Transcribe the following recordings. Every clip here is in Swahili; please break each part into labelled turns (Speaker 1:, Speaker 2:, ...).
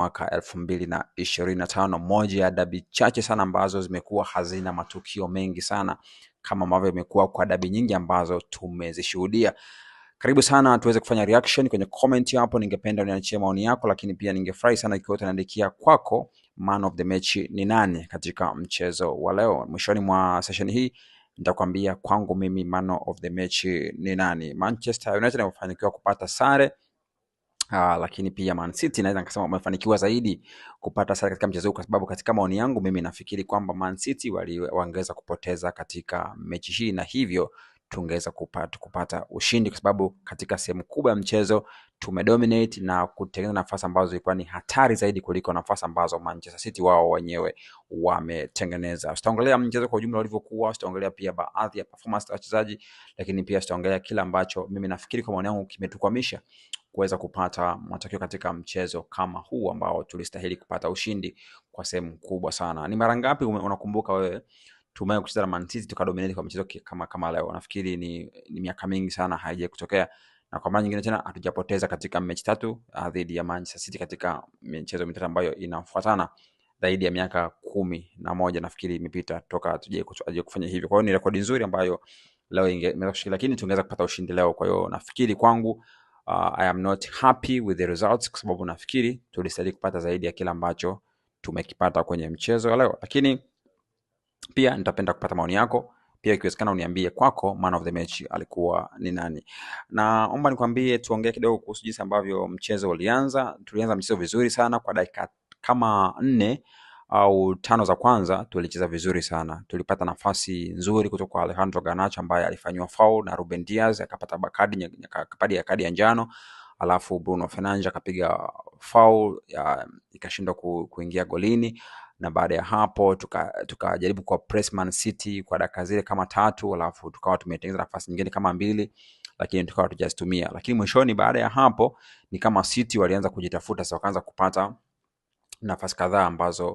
Speaker 1: mwaka elfu mbili na ishirini na tano. Moja ya dabi chache sana ambazo zimekuwa hazina matukio mengi sana kama ambavyo imekuwa kwa dabi nyingi ambazo tumezishuhudia. Karibu sana tuweze kufanya reaction kwenye comment hapo. Ningependa uniachie maoni yako, lakini pia ningefurahi sana ikiwa utaandikia kwako man of the match ni nani katika mchezo wa leo. Mwishoni mwa session hii nitakwambia kwangu mimi man of the match ni nani. Manchester United amefanikiwa kupata sare Aa, ah, lakini pia Man City naweza nikasema wamefanikiwa zaidi kupata sare katika mchezo huu, kwa sababu katika maoni yangu mimi nafikiri kwamba Man City wangeweza kupoteza katika mechi hii na hivyo tungeweza kupata, kupata ushindi, kwa sababu katika sehemu kubwa ya mchezo tumedominate na kutengeneza nafasi ambazo zilikuwa ni hatari zaidi kuliko nafasi ambazo Manchester City wao wenyewe wametengeneza. Sitaongelea mchezo kwa ujumla ulivyokuwa, sitaongelea pia baadhi ya performance za wachezaji, lakini pia sitaongelea kile ambacho mimi nafikiri kwa maoni yangu kimetukwamisha kuweza kupata matokeo katika mchezo kama huu ambao tulistahili kupata ushindi kwa sehemu kubwa sana. Ni mara ngapi unakumbuka wewe tumewahi kucheza na Man City tukadominate kwa mchezo kama kama leo? Nafikiri ni, ni miaka mingi sana haijawahi kutokea, na kwa mara nyingine tena hatujapoteza katika mechi tatu ah, dhidi ya Manchester City katika michezo mitatu ambayo inafuatana zaidi ya miaka kumi na moja nafikiri imepita toka tujai kufanya hivyo. Kwa hiyo ni rekodi nzuri ambayo leo ingeweza kushikilia, lakini tungeweza kupata ushindi leo. Kwa hiyo nafikiri kwangu Uh, I am not happy with the results kwa sababu nafikiri tulistahili kupata zaidi ya kile ambacho tumekipata kwenye mchezo leo, lakini pia nitapenda kupata maoni yako pia ikiwezekana uniambie kwako man of the match alikuwa ni nani. Naomba nikwambie, tuongee kidogo kuhusu jinsi ambavyo mchezo ulianza. Tulianza mchezo vizuri sana kwa dakika kama nne au tano za kwanza tulicheza vizuri sana, tulipata nafasi nzuri kutoka kwa Alejandro Garnacho ambaye alifanyiwa foul na Ruben Diaz akapata bakadi kadi ya kadi ya njano, alafu Bruno Fernandes akapiga foul ikashindwa kuingia golini na baada ya hapo tukajaribu tuka kwa press Man City kwa dakika zile kama tatu, alafu tukawa tumetengeneza nafasi nyingine kama mbili, lakini tukawa tujazitumia. Lakini mwishoni, baada ya hapo, ni kama City walianza kujitafuta sasa, wakaanza kupata nafasi kadhaa ambazo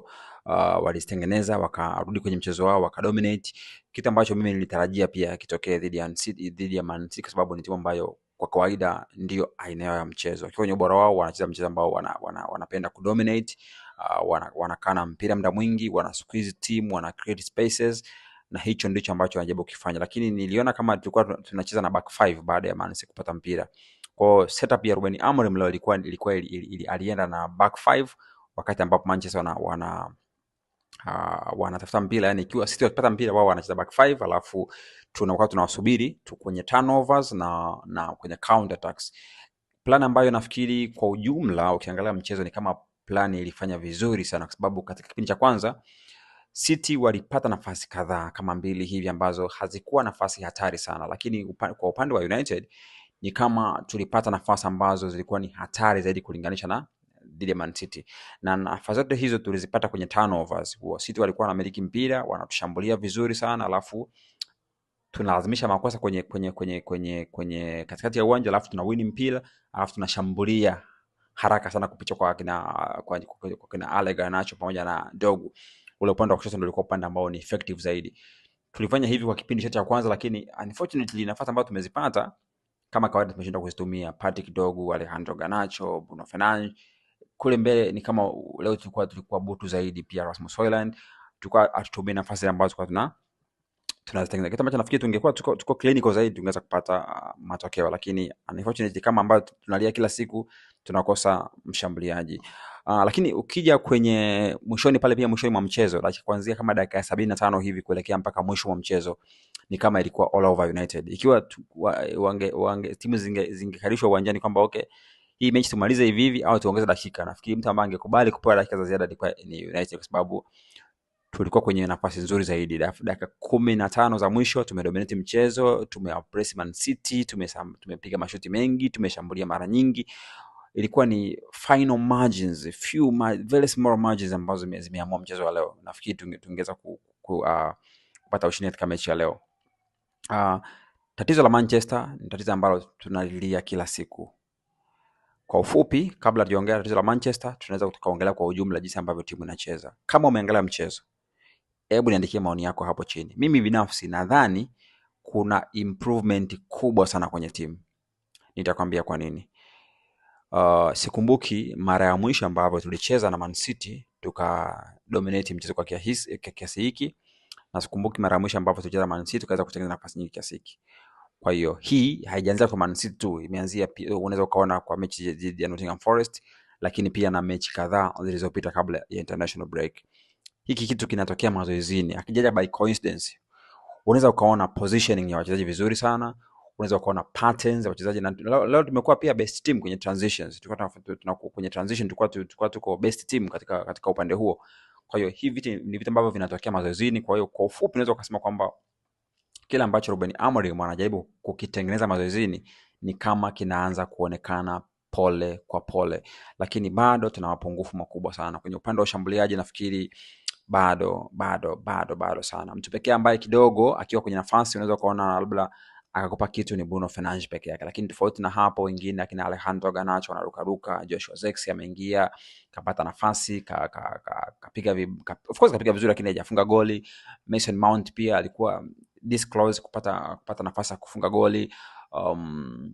Speaker 1: uh, walizitengeneza wakarudi kwenye mchezo wao wakadominate, kitu ambacho mimi nilitarajia pia kitokee dhidi ya dhidi ya Man City kwa sababu ni timu ambayo kwa kawaida ndio aina yao ya mchezo. Kwenye ubora wao wanacheza mchezo ambao wana, wana, wanapenda kudominate uh, ah, wana, wanakaa na mpira muda mwingi, wana squeeze team, wana create spaces na hicho ndicho ambacho anajaribu kufanya, lakini niliona kama tulikuwa tunacheza na back five baada ya Man City kupata mpira. Kwa setup ya Ruben Amorim leo ilikuwa ilikuwa alienda na back five wakati ambapo Manchester wana, wana uh, wanatafuta mpira yani, ikiwa sisi tunapata mpira wao wanacheza back five, alafu tunakuwa tunawasubiri tu kwenye turnovers na, na kwenye counter attacks. Plan ambayo nafikiri kwa ujumla ukiangalia mchezo ni kama plan ilifanya vizuri sana, kwa sababu katika kipindi cha kwanza City walipata nafasi kadhaa kama mbili hivi ambazo hazikuwa nafasi hatari sana, lakini upa, kwa upande wa United ni kama tulipata nafasi ambazo zilikuwa ni hatari zaidi kulinganisha na dhidi ya Man City, na nafasi zote hizo tulizipata kwenye turnovers. Kwa City walikuwa wanamiliki mpira, wanatushambulia vizuri sana, alafu tunalazimisha makosa kwenye kwenye kwenye kwenye kwenye katikati ya uwanja, alafu tunawini mpira, alafu tunashambulia haraka sana kupicha kwa kina kwa, kwa kina Ale Garnacho pamoja na Dogu. Ule upande wa kushoto ndio ulikuwa upande ambao ni effective zaidi. Tulifanya hivi kwa kipindi cha kwanza, lakini unfortunately nafasi ambazo tumezipata kama kawaida tumeshindwa kuzitumia. Patrick Dogu, Alejandro Garnacho, Bruno Fernandes kule mbele ni kama leo tulikuwa tulikuwa butu zaidi pia Rasmus hoyland tulikuwa hatutumii nafasi ambazo tulikuwa tuna tunazitengeneza kitu ambacho nafikiri tungekuwa tuko, tuko clinical zaidi tungeweza kupata uh, matokeo, lakini unfortunately kama ambayo tunalia kila siku tunakosa mshambuliaji uh, lakini ukija kwenye mwishoni pale pia mwishoni mwa mchezo lakini kuanzia kama dakika ya sabini na tano hivi kuelekea mpaka mwisho wa mchezo ni kama ilikuwa all over United. Ikiwa tu, wa, wange, wange, timu zingekarishwa zinge uwanjani kwamba okay hii mechi tumalize hivi hivi au tuongeze dakika. Nafikiri mtu ambaye angekubali kupewa dakika za ziada ilikuwa ni United, kwa sababu tulikuwa kwenye nafasi nzuri zaidi. Dakika kumi na tano za mwisho tumedominate mchezo, tumepress Man City, tumepiga tume mashuti mengi, tumeshambulia mara nyingi. Ilikuwa ni final margins, few ma, very small margins ambazo zimeamua mchezo wa leo. Nafikiri tungeweza ku, ku, uh, kupata ushindi katika mechi ya leo. Uh, tatizo la Manchester ni tatizo ambalo tunalilia kila siku kwa ufupi, kabla tujaongelea tatizo la Manchester, tunaweza tukaongelea kwa ujumla jinsi ambavyo timu inacheza. Kama umeangalia mchezo, hebu niandikie maoni yako hapo chini. Mimi binafsi nadhani kuna improvement kubwa sana kwenye timu, nitakwambia kwa nini. Uh, sikumbuki mara ya mwisho ambavyo tulicheza na Man City tukadominate mchezo kwa kiasi hiki, na sikumbuki mara ya mwisho ambavyo tulicheza Man City tukaweza kutengeneza nafasi nyingi kiasi hiki. Kwa hiyo hii haijaanzia kwa Man City tu, imeanzia unaweza ukaona kwa mechi dhidi ya Nottingham Forest, lakini pia na mechi kadhaa zilizopita kabla ya international break. Hiki kitu kinatokea mazoezini, akijaja by coincidence. Unaweza ukaona positioning ya wachezaji vizuri sana, unaweza ukaona patterns ya wachezaji na leo tumekuwa pia best team kwenye transitions. Tulikuwa tunakuwa kwenye transition, tulikuwa tulikuwa tuko best team katika katika upande huo. Kwa hiyo hivi ni vitu ambavyo vinatokea mazoezini. Kwa hiyo kwa ufupi unaweza ukasema kwamba kile ambacho Ruben Amorim anajaribu kukitengeneza mazoezini ni kama kinaanza kuonekana pole kwa pole, lakini bado tuna mapungufu makubwa sana kwenye upande wa ushambuliaji. Nafikiri bado bado bado bado sana. Mtu pekee ambaye kidogo akiwa kwenye nafasi unaweza ukaona labda akakupa kitu ni Bruno Fernandes peke yake, lakini tofauti na hapo wengine akina Alejandro Garnacho anarukaruka, Joshua zex ameingia kapata nafasi ka, ka, ka, kapiga, of course kapiga vizuri, lakini hajafunga goli. Mason Mount pia alikuwa close kupata, kupata nafasi ya kufunga goli um,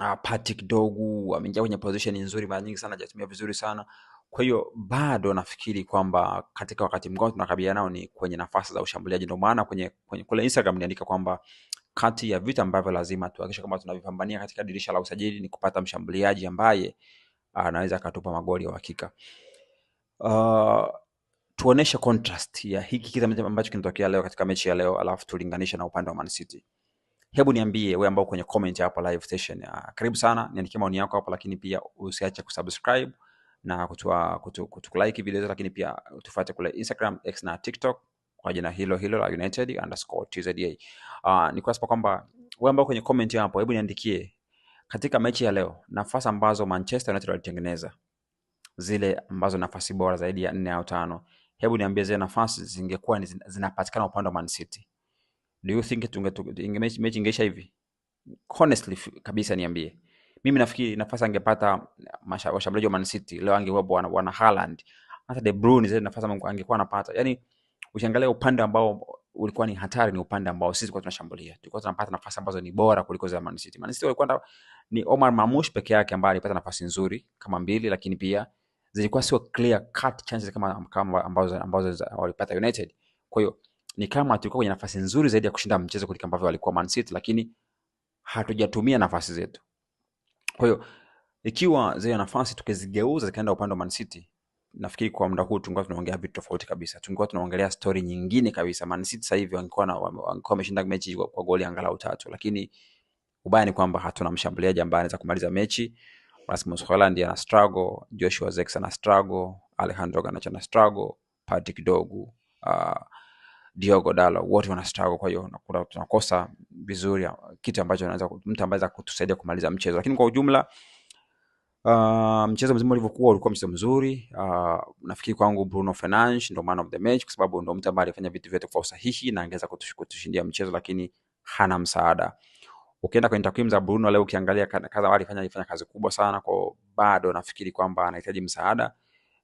Speaker 1: ah, Patrick Dogu ameingia kwenye position nzuri mara nyingi sana, ajatumia vizuri sana. Kwa hiyo bado nafikiri kwamba katika wakati mgao tunakabiliana nao ni kwenye nafasi za ushambuliaji. Ndio maana kwenye, kwenye kule Instagram niandika kwamba kati ya vitu ambavyo lazima tuhakikishe kama tunavipambania katika dirisha la usajili ni kupata mshambuliaji ambaye anaweza akatupa magoli ya uhakika. Uh, tuoneshe contrast ya hiki kitu ambacho kinatokea leo katika mechi ya leo, alafu tulinganisha na upande wa Man City. Hebu niambie wewe ambao kwenye comment hapa live station. ya, Karibu sana, niandikie maoni yako hapa, lakini pia usiache kusubscribe na kutua, kutu, kutu kutu like video lakini pia tufuate kule Instagram, X na TikTok kwa jina hilo hilo la United underscore TZA. Uh, ah, ni kwa kwamba wewe ambao kwenye comment hapo, hebu niandikie katika mechi ya leo nafasi ambazo Manchester United walitengeneza zile ambazo nafasi bora zaidi ya nne au tano hebu niambie zile nafasi zingekuwa zinapatikana upande wa Man City, do you think mechi ingeisha hivi? Honestly kabisa niambie. Mimi nafikiri nafasi angepata washambuliaji wa Man City leo angekuwa wana Haaland, hata De Bruyne, zile nafasi angekuwa anapata. Yani ukiangalia upande ambao ulikuwa ni hatari ni upande ambao sisi tulikuwa tunashambulia, tulikuwa tunapata nafasi ambazo ni bora kuliko za Man City. Man City walikuwa ni Omar mamush peke yake ambaye alipata nafasi nzuri kama mbili, lakini pia zilikuwa sio clear cut chances kama, kama ambazo, ambazo walipata United. Kwa hiyo ni kama tulikuwa kwenye nafasi nzuri zaidi ya kushinda mchezo kuliko ambavyo walikuwa Man City, lakini hatujatumia nafasi zetu. Kwa hiyo ikiwa zile nafasi tukizigeuza zikaenda upande wa Man City, nafikiri kwa muda huu tungekuwa tunaongea vitu tofauti kabisa, tungekuwa tunaongelea story nyingine kabisa. Man City sasa hivi wangekuwa na wangekuwa wameshinda mechi kwa, kwa goli angalau tatu, lakini ubaya ni kwamba hatuna mshambuliaji ambaye anaweza kumaliza mechi. Rasmus Hojlund ana struggle, Joshua Zirkzee ana struggle, Alejandro Garnacho ana struggle, Patrick Dorgu, uh, Diogo Dalo wote wana struggle, kwa hiyo tunakosa vizuri uh, kitu ambacho anaweza mtu ambaye kutusaidia kumaliza mchezo, lakini kwa ujumla Uh, mchezo mzima ulivyokuwa ulikuwa mchezo mzuri. Uh, nafikiri kwangu Bruno Fernandes ndo man of the match kwa sababu ndo mtu ambaye alifanya vitu vyote kwa usahihi na angeweza kutushindia mchezo, lakini hana msaada. Ukienda kwenye takwimu za Bruno leo ukiangalia kadha fanya alifanya kazi kubwa sana kwa bado nafikiri kwamba anahitaji msaada.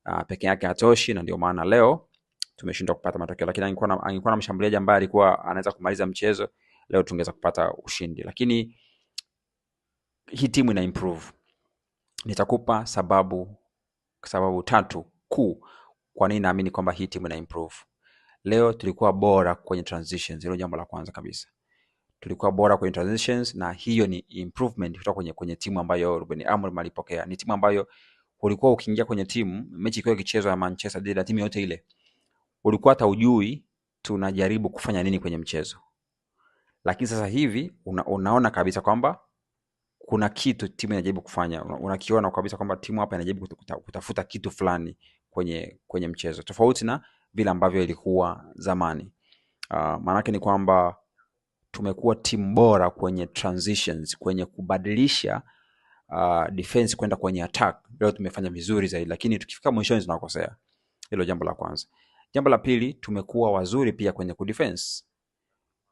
Speaker 1: Uh, peke yake hatoshi na ndio maana leo tumeshindwa kupata matokeo, lakini angekuwa na, angekuwa na mshambuliaji ambaye alikuwa anaweza kumaliza mchezo leo tungeweza kupata ushindi, lakini hii timu ina improve. Nitakupa sababu sababu tatu kuu kwa nini naamini kwamba hii timu ina improve. Leo tulikuwa bora kwenye transitions, hilo jambo la kwanza kabisa tulikuwa bora kwenye transitions, na hiyo ni improvement kutoka kwenye, kwenye timu ambayo Ruben Amorim alipokea. Ni timu ambayo ulikuwa ukiingia kwenye timu, mechi ikiwa ikichezwa ya Manchester dhidi ya timu yote ile, ulikuwa hata ujui tunajaribu kufanya nini kwenye mchezo, lakini sasa hivi una, unaona kabisa kwamba kuna kitu timu inajaribu kufanya, unakiona una kabisa kwamba timu hapa inajaribu kuta, kutafuta kitu fulani kwenye, kwenye mchezo tofauti na vile ambavyo ilikuwa zamani. Uh, maanake ni kwamba tumekuwa timu bora kwenye transitions, kwenye kubadilisha uh, defense kwenda kwenye attack. Leo tumefanya vizuri zaidi, lakini tukifika mwishoni tunakosea. Hilo jambo la kwanza. Jambo la pili, tumekuwa wazuri pia kwenye kudefense,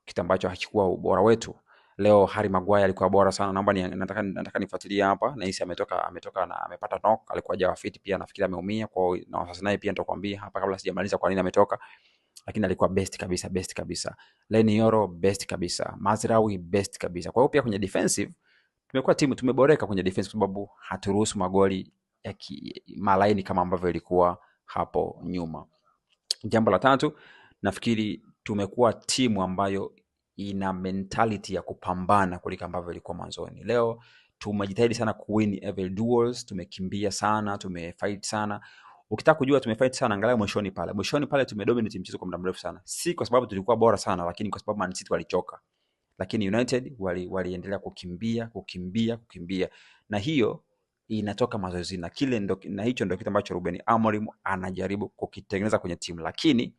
Speaker 1: kitu ambacho hakikuwa ubora wetu. Leo hari magwai alikuwa bora sana, naomba ni, nataka, nataka nifuatilie hapa. Nahisi ametoka ametoka na amepata knock, alikuwa hajawa pia, nafikiri ameumia kwa na sasa, naye pia nitakwambia hapa kabla sijamaliza kwa nini ametoka lakini alikuwa best kabisa, best kabisa. Lenioro best kabisa, mazrawi best kabisa. Kwa hiyo pia kwenye defensive tumekuwa timu tumeboreka kwenye defensive kwa sababu haturuhusu magoli ya malaini kama ambavyo ilikuwa hapo nyuma. Jambo la tatu, nafikiri tumekuwa timu ambayo ina mentality ya kupambana kuliko ambavyo ilikuwa mwanzoni. Leo tumejitahidi sana kuwin every duels, tumekimbia sana, tumefight sana. Ukitaka kujua tumefight sana, angalau mwishoni pale. Mwishoni pale tumedominate mchezo kwa muda mrefu sana, si kwa sababu tulikuwa bora sana, lakini kwa sababu Man City walichoka. Lakini United waliendelea wali kukimbia kukimbia kukimbia, na hiyo inatoka mazoezi na kile ndo, na hicho ndio kitu ambacho Ruben Amorim anajaribu kukitengeneza kwenye timu, lakini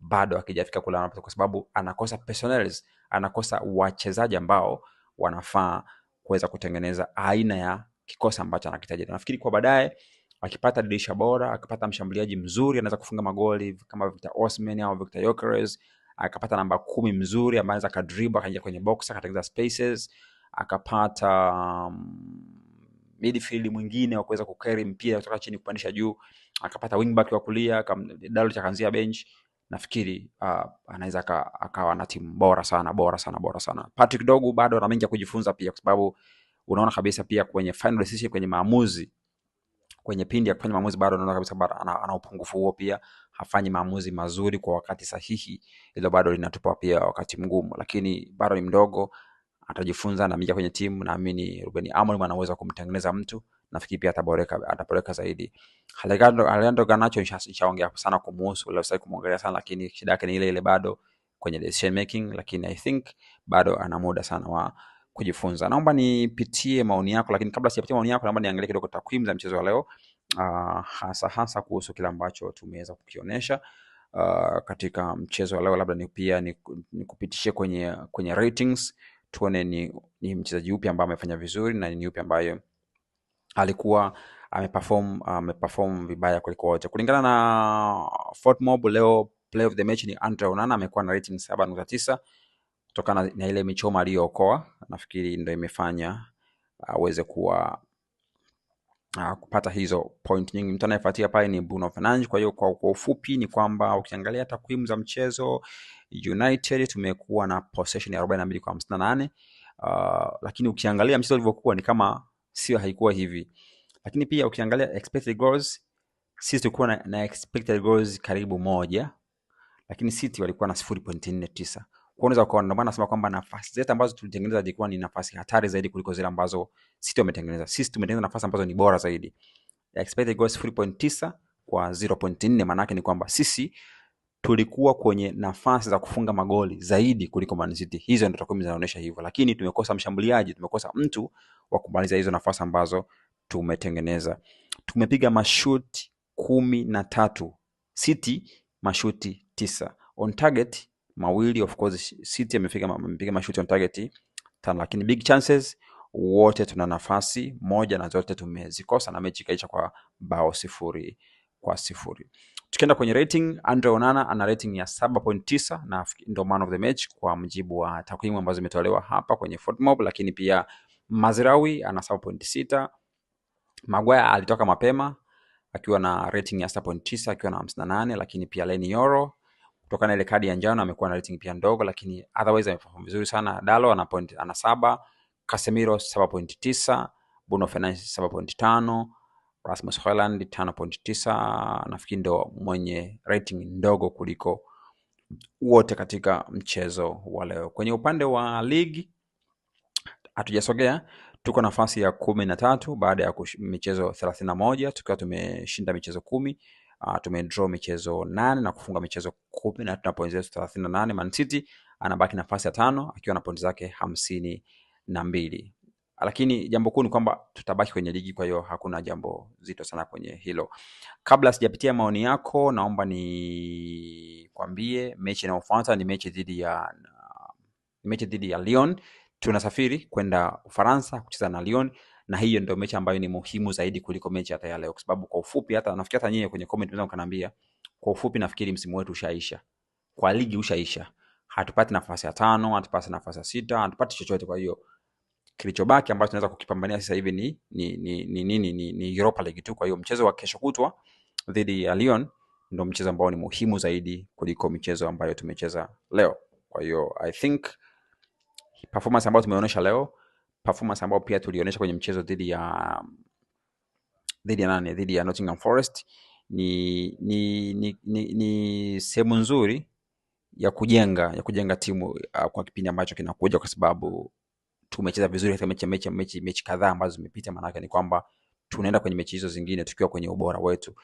Speaker 1: bado akijafika kula anapata kwa sababu anakosa personnel anakosa wachezaji ambao wanafaa kuweza kutengeneza aina ya kikosi ambacho anakitaji. Nafikiri kwa baadaye akipata dirisha bora, akipata mshambuliaji mzuri, anaweza kufunga magoli kama Victor Osimhen au Victor yokeres akapata namba kumi mzuri ambaye anaweza kadriba, akaingia kwenye box, akatengeneza spaces, akapata um, midfield mwingine wa kuweza kukeri mpira kutoka chini kupandisha juu, akapata wingback wa kulia dalo cha kanzia bench. Nafikiri uh, anaweza akawa na timu bora sana bora sana bora sana. Patrick Dogu bado ana mengi ya kujifunza pia, kwa sababu unaona kabisa pia kwenye final decision, kwenye maamuzi kwenye pindi ya kufanya maamuzi bado unaona kabisa bado ana, ana upungufu huo, pia hafanyi maamuzi mazuri kwa wakati sahihi. ilo bado linatupa pia wakati mgumu, lakini bado ni mdogo, atajifunza na mija kwenye timu. Naamini Ruben Amorim anaweza kumtengeneza mtu, nafikiri pia ataboreka, ataboreka zaidi. Alejandro Alejandro Garnacho nishaongea sana kumuhusu, leo sasa kumongelea sana, lakini shida yake ni ile ile bado kwenye decision making, lakini I think bado ana muda sana wa kujifunza. Naomba nipitie maoni yako, lakini kabla sijapitia maoni yako, naomba niangalie kidogo takwimu za mchezo wa leo uh, hasa hasa kuhusu kile ambacho tumeweza kukionyesha uh, katika mchezo wa leo. Labda ni pia nikupitishie ni kwenye, kwenye ratings tuone ni, ni mchezaji upi ambaye amefanya vizuri na ni upi ambaye alikuwa ameperform ameperform vibaya kuliko wote. Kulingana na Fortmob leo play of the match ni Andre Onana amekuwa na rating 7.9 kutokana na ile michoma aliyookoa nafikiri ndo imefanya uh, aweze uh, kuwa uh, kupata hizo point nyingi. Mtu anayefuatia pale ni Bruno Fernandes. Kwa hiyo kwa, kwa ufupi ni kwamba ukiangalia takwimu za mchezo United tumekuwa na possession ya arobaini na mbili kwa 58 nane uh, lakini ukiangalia mchezo ulivyokuwa ni kama sio haikuwa hivi, lakini pia ukiangalia expected goals sisi tulikuwa na, na expected goals karibu moja, lakini City walikuwa na sifuri nne tisa Unaweza kuona, ndio maana nasema kwamba nafasi zetu ambazo tulitengeneza zilikuwa ni nafasi hatari zaidi kuliko zile ambazo City wametengeneza. Sisi tumetengeneza nafasi ambazo ni bora zaidi. Expected goals 3.9 kwa 0.4, maana yake ni kwamba sisi tulikuwa kwenye nafasi za kufunga magoli zaidi kuliko Man City. Hizo ndio takwimu zinaonyesha hivyo, lakini tumekosa mshambuliaji, tumekosa mtu wa kumaliza hizo nafasi ambazo tumetengeneza. Tumepiga mashuti kumi na tatu, City mashuti tisa, on target mawili of course City amepiga mashuti on target tano, lakini big chances wote tuna nafasi moja na zote tumezikosa na mechi ikaisha kwa bao sifuri kwa sifuri. Tukienda kwenye rating, Andre Onana ana rating ya 7.9 na ndio man of the match kwa mjibu wa takwimu ambazo zimetolewa hapa kwenye FootMob, lakini pia mazirawi ana 7.6. Maguire alitoka mapema akiwa na rating ya 7.9 akiwa na 58, lakini pia leni Yoro kutokana ile kadi ya njano amekuwa na rating pia ndogo, lakini otherwise amefanya vizuri sana. Dalo ana point ana saba, Casemiro 7.9, Bruno Fernandes 7.5, Rasmus Hojlund 5.9. Nafikiri ndio mwenye rating ndogo kuliko wote katika mchezo wa leo. Kwenye upande wa ligi hatujasogea, tuko nafasi ya kumi na tatu baada ya michezo thelathini na moja tukiwa tumeshinda michezo kumi. Uh, tumedraw michezo nane na kufunga michezo kumi na tatu na pointi zetu thelathini na nane. Man City anabaki nafasi ya tano akiwa na pointi zake hamsini na mbili lakini jambo kuu ni kwamba tutabaki kwenye ligi, kwa hiyo hakuna jambo zito sana kwenye hilo. Kabla sijapitia maoni yako, naomba nikwambie mechi inayofuata ni mechi dhidi ya mechi dhidi ya Lyon. Tunasafiri kwenda Ufaransa kucheza na Lyon, na hiyo ndio mechi ambayo ni muhimu zaidi kuliko mechi hata ya leo, kwa sababu kwa ufupi, hata nafikiri hata nyinyi kwenye comment mnaweza kuniambia kwa ufupi, nafikiri msimu wetu ushaisha, kwa ligi ushaisha. Hatupati nafasi ya tano, hatupati nafasi ya sita, hatupati chochote. Kwa hiyo kilichobaki ambacho tunaweza kukipambania sasa hivi ni ni ni ni, ni, ni, ni Europa League tu. Kwa hiyo mchezo wa kesho kutwa dhidi ya Lyon ndio mchezo ambao ni muhimu zaidi kuliko michezo ambayo tumecheza leo. Kwa hiyo I think performance ambayo tumeonyesha leo, performance ambayo pia tulionyesha kwenye mchezo dhidi ya dhidi ya nani, dhidi ya Nottingham Forest ni, ni, ni, ni, ni sehemu nzuri ya kujenga ya kujenga timu uh, kwa kipindi ambacho kinakuja, kwa sababu tumecheza vizuri katika mechi, mechi, mechi, mechi kadhaa ambazo zimepita. Maanake ni kwamba tunaenda kwenye mechi hizo zingine tukiwa kwenye ubora wetu,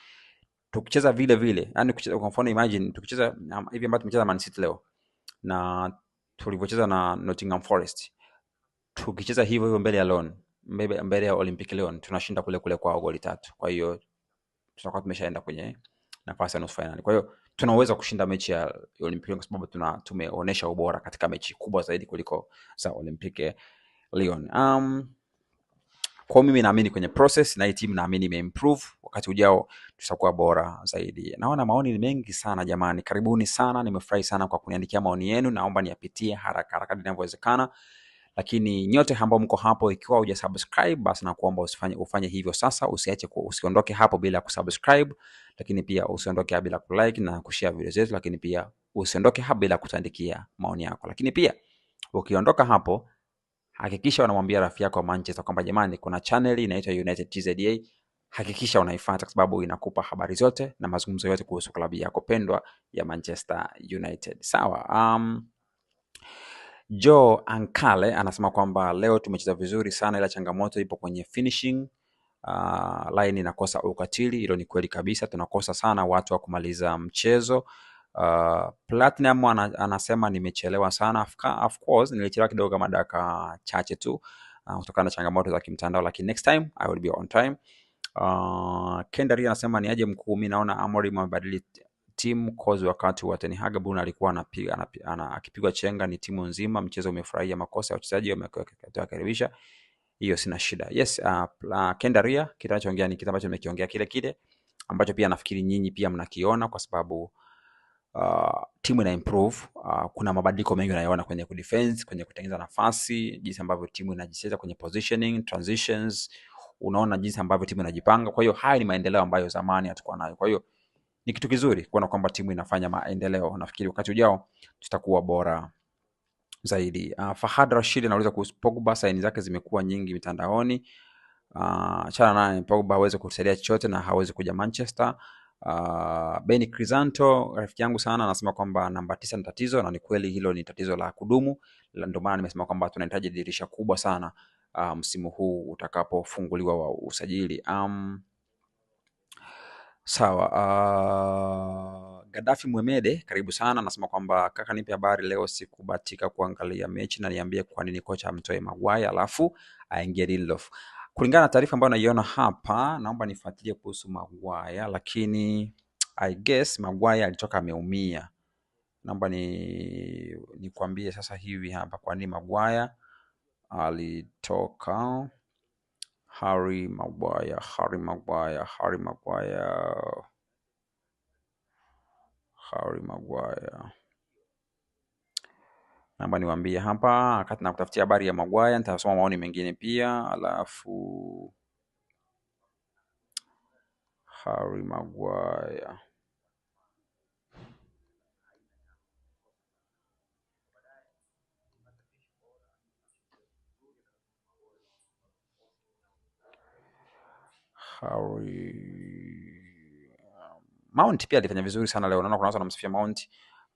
Speaker 1: tukicheza vile vile. Yani kucheza, kwa mfano imagine tukicheza um, hivi ambao tumecheza Man City leo na tulivyocheza na Nottingham Forest, tukicheza hivyo hivyo mbele ya Lyon, mbele ya Olympic Lyon tunashinda kule kule kwa goli tatu. Kwa hiyo tunakuwa tumeshaenda kwenye nafasi ya nusu fainali. Kwa hiyo tunaweza kushinda mechi ya Olympique kwa sababu tuna tumeonyesha ubora katika mechi kubwa zaidi kuliko za Olympique Lyon. Um, kwa mimi naamini kwenye process na hii timu naamini imeimprove. Wakati ujao tutakuwa bora zaidi. Naona maoni ni mengi sana jamani, karibuni sana. Nimefurahi sana kwa kuniandikia maoni yenu, naomba niyapitie haraka haraka ninavyowezekana lakini nyote ambao mko hapo, ikiwa uja subscribe basi na kuomba usifanye ufanye hivyo sasa. Usiache usiondoke hapo bila kusubscribe, lakini pia usiondoke hapo bila kulike na kushare video zetu, lakini pia usiondoke hapo bila kutandikia maoni yako. Lakini pia ukiondoka hapo, hakikisha unamwambia rafiki yako wa Manchester kwamba jamani, kuna channel inaitwa United TZA, hakikisha unaifuata kwa sababu inakupa habari zote na mazungumzo yote kuhusu klabu yako pendwa ya Manchester United. Sawa, um, jo Ankale anasema kwamba leo tumecheza vizuri sana, ila changamoto ipo kwenye finishing. Uh, line inakosa ukatili. Hilo ni kweli kabisa, tunakosa sana watu wa kumaliza mchezo. Uh, Platinum ana, anasema nimechelewa sana. Of course nilichelewa kidogo kama dakika chache tu uh, kutokana uh, na changamoto za kimtandao, lakini next time I will be on time. Uh, Kendari anasema ni aje mkuu, mimi naona Amorim amebadili timu cause wakati wa Ten Hag Bruno alikuwa anapiga ana, akipigwa chenga ni timu nzima, mchezo umefurahia, makosa ya wachezaji wamekaribisha, hiyo sina shida. Yes, uh, uh, Kendaria kile anachoongea ni kitu ambacho nimekiongea kile kile ambacho pia nafikiri nyinyi pia mnakiona kwa sababu uh, timu ina improve uh, kuna mabadiliko mengi unayoona kwenye kudefense, kwenye kutengeneza nafasi, jinsi ambavyo timu inajicheza kwenye positioning, transitions, unaona jinsi ambavyo timu inajipanga. Kwa hiyo haya ni maendeleo ambayo zamani hatukuwa nayo, kwa hiyo ni kitu kizuri kuona kwamba timu inafanya maendeleo. Nafikiri wakati ujao tutakuwa bora zaidi. Uh, Fahad Rashid anauliza kuhusu Pogba, saini zake zimekuwa nyingi mitandaoni. Uh, ah, chana naye, Pogba hawezi kutusaidia chochote na hawezi kuja Manchester. Uh, ah, Beni Crisanto rafiki yangu sana anasema kwamba namba tisa ni tatizo, na ni kweli hilo ni tatizo la kudumu. Ndio maana nimesema kwamba tunahitaji dirisha kubwa sana msimu huu utakapofunguliwa wa usajili um, Sawa. Uh, Gaddafi Mwemede, karibu sana. Anasema kwamba kaka, nipe habari leo, sikubatika kuangalia mechi na niambie kwa nini kocha amtoe Maguire alafu aingie Lindelof. Kulingana na taarifa ambayo naiona hapa, naomba nifuatilie kuhusu Maguire, lakini I guess Maguire alitoka ameumia. Naomba ni nikwambie sasa hivi hapa kwa nini Maguire alitoka Harry Maguire, Harry Maguire, Harry Maguire, Harry Maguire. Naomba niwaambie hapa, wakati nakutafutia habari ya Maguire, nitasoma maoni mengine pia, alafu Harry Maguire Curry. Um, Mount pia alifanya vizuri sana leo, naona kuna watu wanamsifia Mount.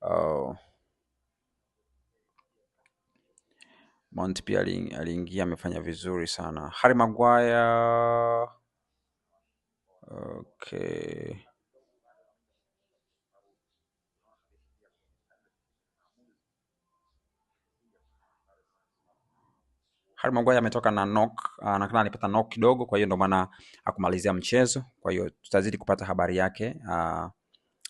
Speaker 1: Uh, Mount pia aliingia amefanya vizuri sana. Harry Maguire. Okay. Harry Maguire ametoka na knock, ah, na kana alipata knock kidogo, kwa hiyo ndio maana akumalizia mchezo. Kwa hiyo tutazidi kupata habari yake uh,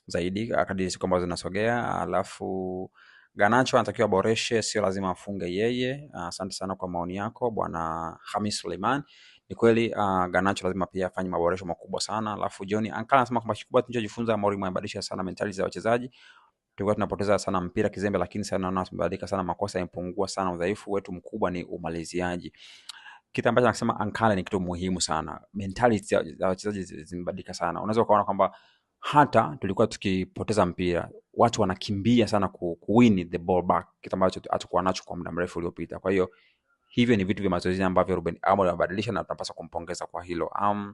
Speaker 1: zaidi ah, kadiri siku ambazo zinasogea. Alafu Ganacho anatakiwa aboreshe, sio lazima afunge yeye. Asante uh, sana kwa maoni yako bwana Hamis Suleiman. Ni kweli uh, Ganacho lazima pia afanye maboresho makubwa sana. Alafu John Ankara anasema kwamba kikubwa tunachojifunza, Mourinho amebadilisha sana mentality za wachezaji tulikuwa tunapoteza sana mpira kizembe, lakini sana naona tumebadilika sana, makosa yamepungua sana, udhaifu wetu mkubwa ni umaliziaji. Kitu ambacho anasema Ankala ni kitu muhimu sana. Mentality za wachezaji zimebadilika sana, unaweza ukaona kwamba hata tulikuwa tukipoteza mpira watu wanakimbia sana kuwini the ball back, kitu ambacho hatukuwa nacho kwa muda mrefu uliopita. Kwa hiyo hivyo ni vitu vya mazoezi ambavyo Ruben Amorim amebadilisha na tunapaswa kumpongeza kwa hilo. Um,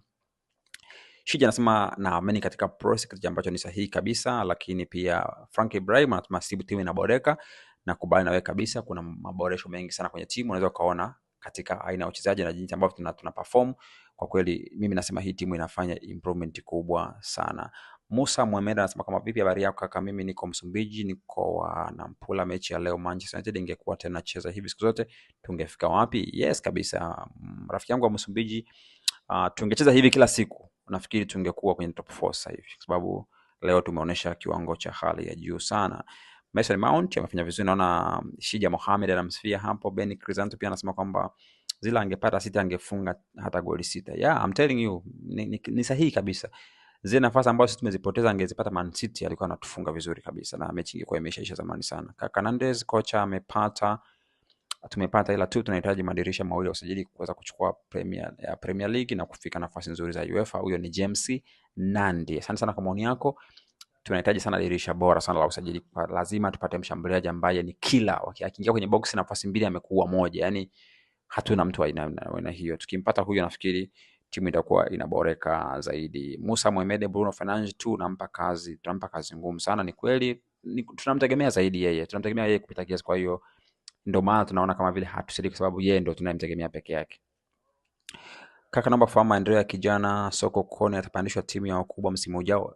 Speaker 1: Shija anasema naamini katika process, kitu ambacho ni sahihi kabisa, lakini pia Frank Ibrahim anatuma sibu timu inaboreka na kubali nawe kabisa, kuna maboresho mengi sana kwenye timu, unaweza ukaona katika aina ya uchezaji na jinsi ambavyo tuna, tuna perform. Kwa kweli mimi nasema hii timu inafanya improvement kubwa sana. Musa Mwemeda anasema kama vipi, habari yako kaka? Mimi niko Msumbiji, niko wa nampula Mechi ya leo Manchester United ingekuwa tena cheza hivi siku zote, tungefika wapi? Yes kabisa, mm, rafiki yangu wa Msumbiji, uh, tungecheza hivi kila siku nafikiri tungekuwa kwenye top 4 sasa hivi kwa sababu leo tumeonyesha kiwango cha hali ya juu sana. Mason Mount amefanya vizuri, naona Shija Mohamed anamsifia hapo. Ben Crisanto pia anasema kwamba zile angepata sita angefunga hata goli sita. Yeah, I'm telling you ni, ni, ni sahihi kabisa. Zile nafasi ambazo sisi tumezipoteza angezipata Man City, alikuwa anatufunga vizuri kabisa na mechi ingekuwa imeshaisha zamani sana. Kaka Nandez kocha amepata tumepata, ila tu tunahitaji madirisha mawili ya usajili kuweza kuchukua Premier, ya Premier League na kufika nafasi nzuri za UEFA. Huyo ni James Nandi. Asante sana kwa maoni yako. Tunahitaji sana dirisha bora sana la usajili. Lazima tupate mshambuliaji ambaye ni kila akiingia kwenye box nafasi mbili amekuwa moja, yani hatuna mtu aina hiyo. Tukimpata huyo, nafikiri timu itakuwa inaboreka zaidi. Musa Mohamed Bruno Fernandes tu nampa kazi, tunampa kazi ngumu sana. Ni kweli tunamtegemea zaidi yeye, tunamtegemea yeye kupita kiasi, kwa hiyo ndo maana tunaona kama vile hatushiriki, kwa sababu yeye ndo tunayemtegemea peke yake. Kaka, naomba kufahamu maendeleo ya kijana Soko Kone atapandishwa timu ya wakubwa msimu ujao?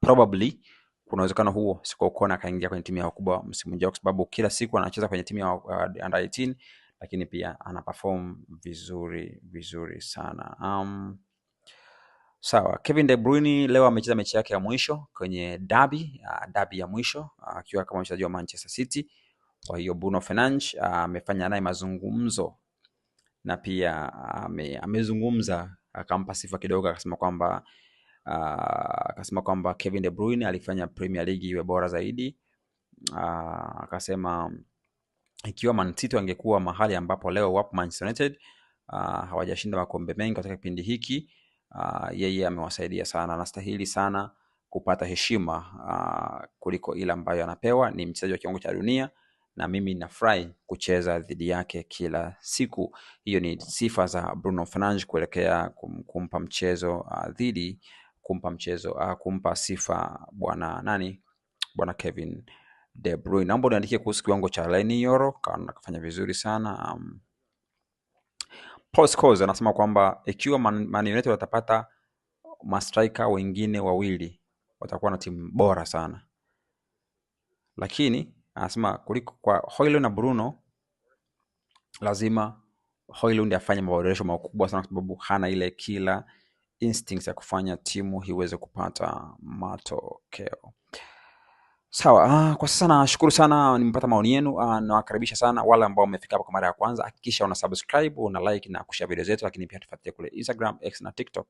Speaker 1: Probably kuna uwezekano huo Soko Kone akaingia kwenye timu ya wakubwa msimu ujao, kwa sababu kila siku anacheza kwenye timu ya uh, under 18 lakini pia anaperform vizuri vizuri sana. Um, sawa. Kevin De Bruyne leo amecheza mechi yake ya mwisho kwenye dabi uh, dabi ya mwisho uh, akiwa uh, kama mchezaji wa Manchester City. Kwa hiyo Bruno Fernandes ah, amefanya naye mazungumzo na pia ah, amezungumza akampa sifa kidogo, akasema kwamba ah, akasema kwamba Kevin De Bruyne alifanya Premier League iwe bora zaidi. akasema akasema ikiwa Man City angekuwa mahali ambapo leo wapo Manchester United, hawajashinda makombe mengi katika kipindi hiki, yeye amewasaidia sana, anastahili sana kupata heshima uh, kuliko ile ambayo anapewa. Ni mchezaji wa kiwango cha dunia na mimi nafurahi kucheza dhidi yake kila siku. Hiyo ni sifa za Bruno Fernandes kuelekea kumpa mchezo ah, dhidi kumpa mchezo uh, kumpa sifa bwana nani, bwana Kevin De Naomba uniandikie kuhusu kiwango cha Laniero, kaona kafanya vizuri sana um, Paul anasema kwamba ikiwa Man, Man watapata mastrika wengine wawili watakuwa na timu bora sana, lakini anasema kuliko kwa Hoylu na Bruno, lazima Hoylu ndiye afanye maboresho makubwa sana, kwa sababu hana ile kila instincts ya kufanya timu iweze kupata matokeo. Sawa, ah, kwa sasa nashukuru sana, nimepata maoni yenu. Ah, nawakaribisha sana wale ambao wamefika hapa kwa mara ya kwanza, hakikisha una subscribe, una like na kushare video zetu, lakini pia tufuatilie kule Instagram, X na TikTok.